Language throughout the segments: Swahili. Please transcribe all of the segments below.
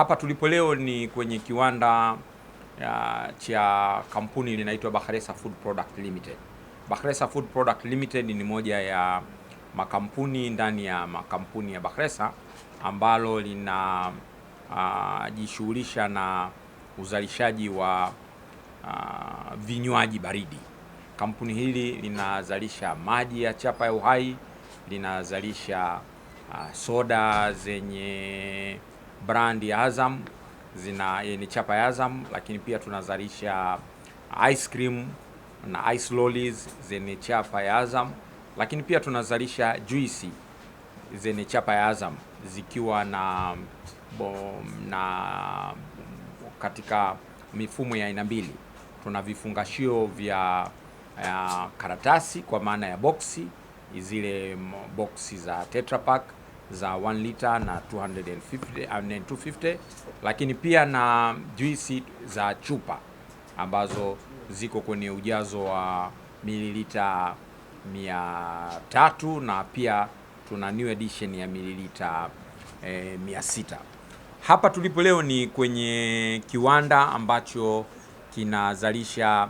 Hapa tulipo leo ni kwenye kiwanda uh, cha kampuni linaitwa Bakhresa Food Product Limited. Bakhresa Food Product Limited ni moja ya makampuni ndani ya makampuni ya Bakhresa ambalo linajishughulisha uh, na uzalishaji wa uh, vinywaji baridi. Kampuni hili linazalisha maji ya chapa ya uhai, linazalisha uh, soda zenye brandi ya Azam zina eh, ni chapa ya Azam, lakini pia tunazalisha ice cream na ice lollies zenye chapa ya Azam, lakini pia tunazalisha juisi zenye chapa ya Azam zikiwa na, bom, na katika mifumo ya aina mbili. Tuna vifungashio vya ya eh, karatasi kwa maana ya boksi, zile boksi za Tetra Pak za 1 lita na 250, uh, na 250 lakini pia na juisi za chupa ambazo ziko kwenye ujazo wa mililita tatu na pia tuna new edition ya mililita eh, sita. Hapa tulipo leo ni kwenye kiwanda ambacho kinazalisha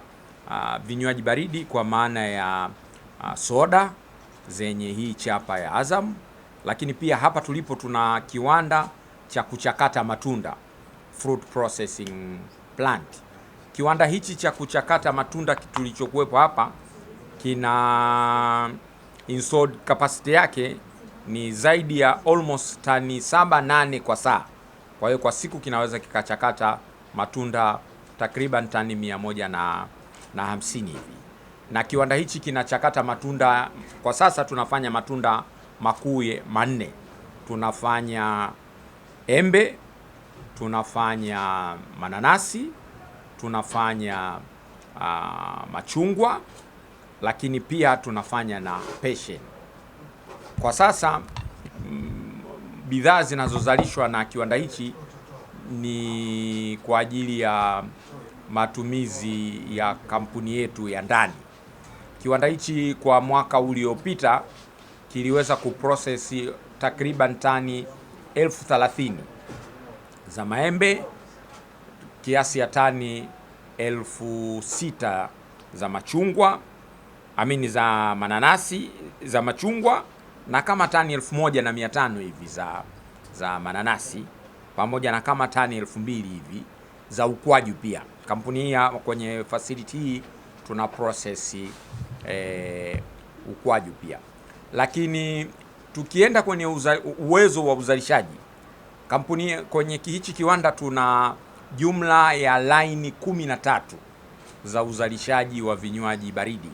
uh, vinywaji baridi kwa maana ya uh, soda zenye hii chapa ya Azam lakini pia hapa tulipo tuna kiwanda cha kuchakata matunda fruit processing plant. Kiwanda hichi cha kuchakata matunda tulichokuwepo hapa kina installed capacity yake ni zaidi ya almost tani saba nane kwa saa. Kwa hiyo kwa siku kinaweza kikachakata matunda takriban tani mia moja na, na hamsini hivi, na kiwanda hichi kinachakata matunda kwa sasa tunafanya matunda makuu manne. Tunafanya embe, tunafanya mananasi, tunafanya uh, machungwa, lakini pia tunafanya na peshe. Kwa sasa mm, bidhaa zinazozalishwa na kiwanda hichi ni kwa ajili ya matumizi ya kampuni yetu ya ndani. Kiwanda hichi kwa mwaka uliopita kiliweza kuprocess takriban tani elfu za maembe kiasi ya tani elfu sita za machungwa amini za mananasi za machungwa na kama tani elfu moja na mia tano hivi za, za mananasi pamoja na kama tani elfu mbili hivi za ukwaju. Pia kampuni hii kwenye facility hii tuna process eh, ukwaju pia lakini tukienda kwenye uza, uwezo wa uzalishaji kampuni kwenye hichi kiwanda tuna jumla ya laini kumi na tatu za uzalishaji wa vinywaji baridi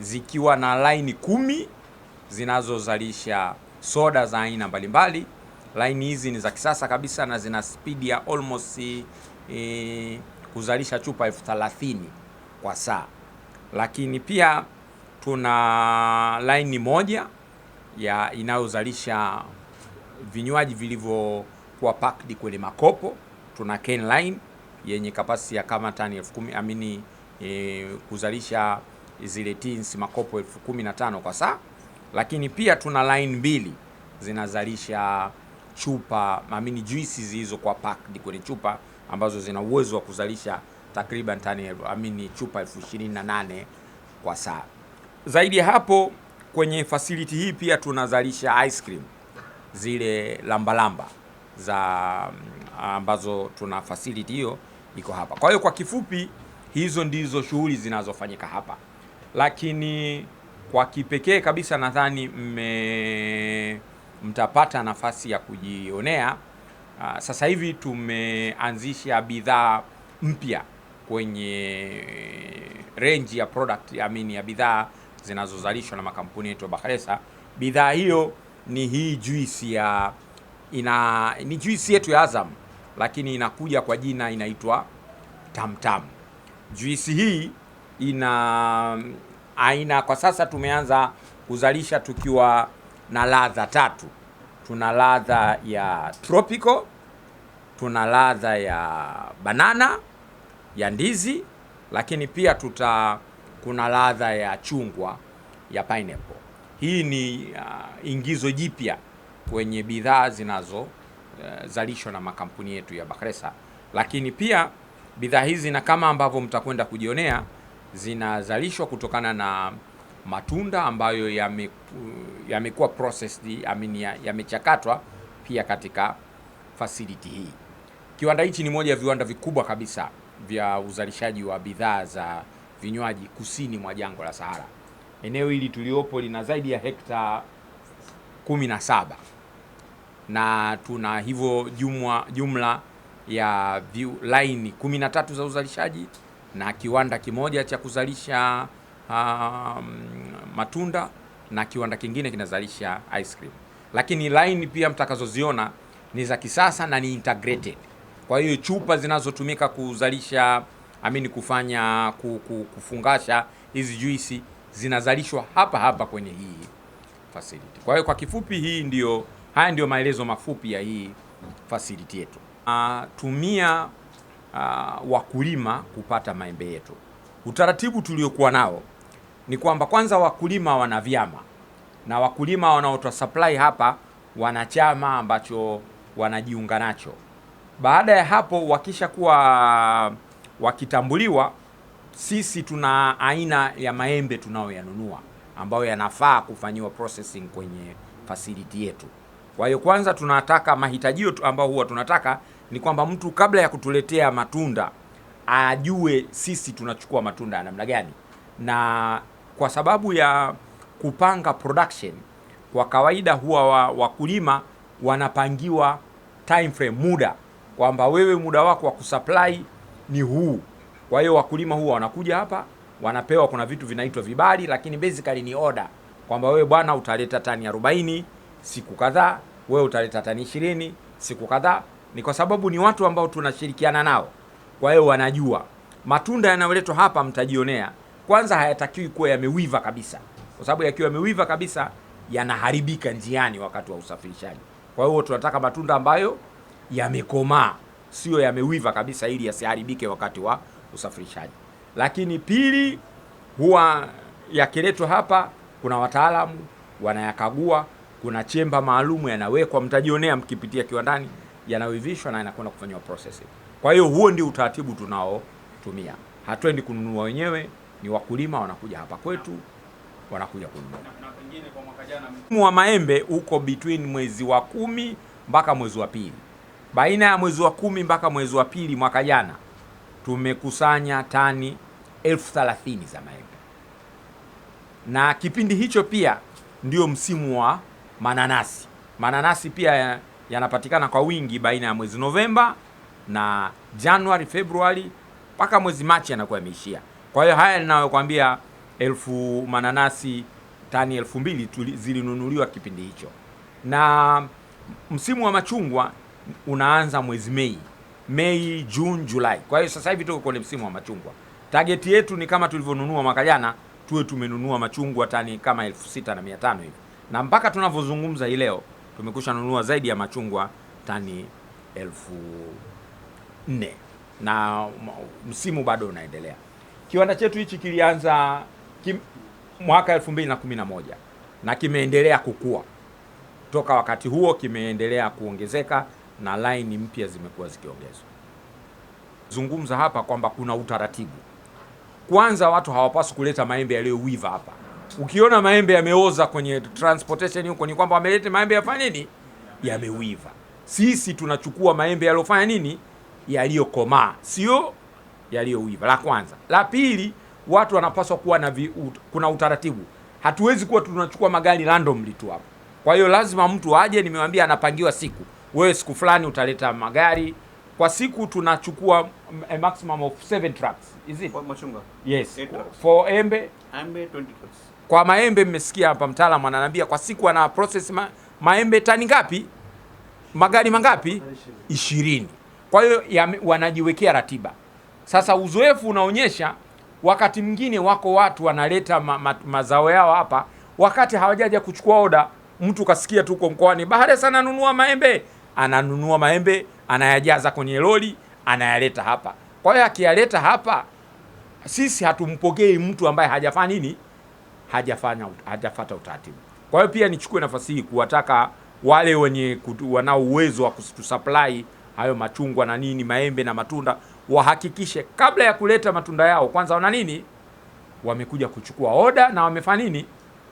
zikiwa na laini kumi zinazozalisha soda za aina mbalimbali. Laini hizi ni za kisasa kabisa na zina spidi ya almost e, kuzalisha chupa elfu thelathini kwa saa, lakini pia tuna laini moja ya inayozalisha vinywaji vilivyokuwa packed kwenye makopo. Tuna can line yenye kapasiti ya kama tani elfu kumi amini e, kuzalisha zile tins makopo elfu kumi na tano kwa saa, lakini pia tuna line mbili zinazalisha chupa amini juisi zilizokuwa packed kwenye chupa ambazo zina uwezo wa kuzalisha takriban tani amini chupa elfu ishirini na nane kwa saa. Zaidi ya hapo, kwenye facility hii pia tunazalisha ice cream zile lambalamba za mm, ambazo tuna facility hiyo iko hapa. Kwa hiyo kwa kifupi, hizo ndizo shughuli zinazofanyika hapa, lakini kwa kipekee kabisa nadhani mme mtapata nafasi ya kujionea. Ah, sasa hivi tumeanzisha bidhaa mpya kwenye range ya product, I mean ya bidhaa zinazozalishwa na makampuni yetu ya Bakhresa. Bidhaa hiyo ni hii juisi ya ina ni juisi yetu ya Azam, lakini inakuja kwa jina inaitwa Tamtam. Juisi hii ina aina, kwa sasa tumeanza kuzalisha tukiwa na ladha tatu. Tuna ladha ya tropical, tuna ladha ya banana ya ndizi, lakini pia tuta kuna ladha ya chungwa ya pineapple. Hii ni uh, ingizo jipya kwenye bidhaa zinazozalishwa uh, na makampuni yetu ya Bakresa, lakini pia bidhaa hizi na kama ambavyo mtakwenda kujionea zinazalishwa kutokana na matunda ambayo uh, yamekuwa yame processed yamechakatwa pia katika facility hii. Kiwanda hichi ni moja ya viwanda vikubwa kabisa vya uzalishaji wa bidhaa za vinywaji kusini mwa jangwa la Sahara. Eneo hili tuliopo lina zaidi ya hekta 17 na tuna hivyo jumla, jumla ya laini 13 za uzalishaji na kiwanda kimoja cha kuzalisha um, matunda na kiwanda kingine kinazalisha ice cream, lakini line pia mtakazoziona ni za kisasa na ni integrated. Kwa hiyo chupa zinazotumika kuzalisha amini kufanya kufungasha hizi juisi zinazalishwa hapa hapa kwenye hii facility. Kwa hiyo kwa kifupi, hii ndio, haya ndio maelezo mafupi ya hii facility yetu. Uh, tumia uh, wakulima kupata maembe yetu. Utaratibu tuliokuwa nao ni kwamba kwanza wakulima wana vyama na wakulima wanaotoa supply hapa wana chama ambacho wanajiunga nacho. Baada ya hapo wakisha kuwa wakitambuliwa, sisi tuna aina ya maembe tunayoyanunua ambayo yanafaa kufanyiwa processing kwenye facility yetu. Kwa hiyo kwanza, tunataka mahitajio ambayo huwa tunataka ni kwamba mtu kabla ya kutuletea matunda ajue sisi tunachukua matunda ya namna gani, na kwa sababu ya kupanga production, kwa kawaida huwa wakulima wanapangiwa time frame, muda kwamba wewe muda wako wa kusupply ni huu. Kwa hiyo wakulima huwa wanakuja hapa wanapewa, kuna vitu vinaitwa vibali, lakini basically ni order kwamba wewe bwana utaleta tani 40 siku kadhaa, wewe utaleta tani 20 siku kadhaa. Ni kwa sababu ni watu ambao tunashirikiana nao, kwa hiyo wanajua matunda yanayoletwa hapa mtajionea. Kwanza hayatakiwi kuwa yamewiva kabisa, kwa sababu yakiwa yamewiva kabisa yanaharibika njiani wakati wa usafirishaji. Kwa hiyo tunataka matunda ambayo yamekomaa siyo yamewiva kabisa, ili yasiharibike wakati wa usafirishaji. Lakini pili, huwa yakiletwa hapa, kuna wataalamu wanayakagua, kuna chemba maalumu yanawekwa, mtajionea mkipitia kiwandani, yanawivishwa na yanakwenda kufanyiwa processing. Kwa hiyo huo ndio utaratibu tunaotumia, hatuendi kununua wenyewe, ni wakulima wanakuja hapa kwetu wanakuja kununua. Msimu wa maembe uko between mwezi wa kumi mpaka mwezi wa pili baina ya mwezi wa kumi mpaka mwezi wa pili mwaka jana tumekusanya tani elfu za maembe, na kipindi hicho pia ndio msimu wa mananasi. Mananasi pia yanapatikana kwa wingi baina ya mwezi Novemba na Januari, Februari mpaka mwezi Machi yanakuwa yameishia. Kwa hiyo haya ninayokwambia elfu mananasi tani elfu mbili zilinunuliwa kipindi hicho, na msimu wa machungwa unaanza mwezi Mei, Mei, Juni, Julai. Kwa hiyo sasa hivi tuko kwenye msimu wa machungwa. Target yetu ni kama tulivyonunua mwaka jana, tuwe tumenunua machungwa tani kama elfu sita na mia tano hivi, na mpaka tunavyozungumza hii leo tumekusha nunua zaidi ya machungwa tani elfu nne na msimu bado unaendelea. Kiwanda chetu hichi kilianza kim, mwaka 2011 na kimeendelea kukua toka wakati huo, kimeendelea kuongezeka na laini mpya zimekuwa zikiongezwa. Zungumza hapa kwamba kuna utaratibu. Kwanza, watu hawapaswi kuleta maembe yaliyowiva hapa. Ukiona maembe yameoza kwenye transportation huko, ni kwamba wameleta maembe yafanya nini, yamewiva. Sisi tunachukua maembe yaliyofanya nini, yaliyokomaa, sio yaliyowiva. La kwanza. La pili, watu wanapaswa kuwa na vi, ut, kuna utaratibu. Hatuwezi kuwa tunachukua magari randomly tu hapa. Kwa hiyo lazima mtu aje, nimewambia anapangiwa siku wewe siku fulani utaleta magari kwa siku tunachukua a eh, maximum of 7 trucks is it for machunga yes trucks. for embe embe 20 trucks kwa maembe mmesikia hapa mtaalamu ananiambia kwa siku ana process ma, maembe tani ngapi magari mangapi ishirini kwa hiyo wanajiwekea ratiba sasa uzoefu unaonyesha wakati mwingine wako watu wanaleta ma, ma, mazao yao hapa wakati hawajaja kuchukua oda mtu kasikia tu tuko mkoani bahari sana nunua maembe ananunua maembe, anayajaza kwenye lori, anayaleta hapa. Kwa hiyo akiyaleta hapa, sisi hatumpokei mtu ambaye hajafanya nini, hajafanya hajafata utaratibu. Kwa hiyo pia nichukue nafasi hii kuwataka wale wenye wanao uwezo wa kutusupply hayo machungwa na nini, maembe na matunda, wahakikishe kabla ya kuleta matunda yao kwanza wana nini, wamekuja kuchukua oda na wamefanya nini,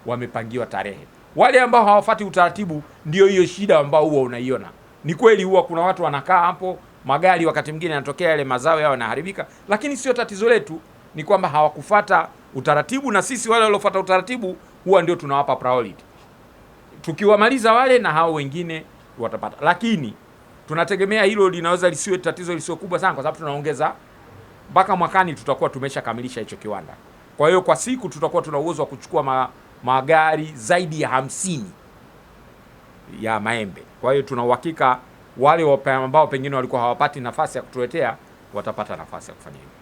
wamepangiwa tarehe. Wale ambao hawafati utaratibu, ndio hiyo shida ambao huwa unaiona. Ni kweli huwa kuna watu wanakaa hapo, magari wakati mwingine yanatokea yale mazao yao yanaharibika, lakini sio tatizo letu, ni kwamba hawakufata utaratibu, na sisi wale waliofuata utaratibu huwa ndio tunawapa priority. Tukiwamaliza wale na hao wengine watapata, lakini tunategemea hilo linaweza lisiwe tatizo lisio kubwa sana, kwa sababu tunaongeza mpaka mwakani tutakuwa tumeshakamilisha hicho kiwanda. Kwa hiyo kwa siku tutakuwa tuna uwezo wa kuchukua ma magari zaidi ya hamsini ya maembe. Kwa hiyo tuna uhakika wale ambao pengine walikuwa hawapati nafasi ya kutuletea watapata nafasi ya kufanya hivyo.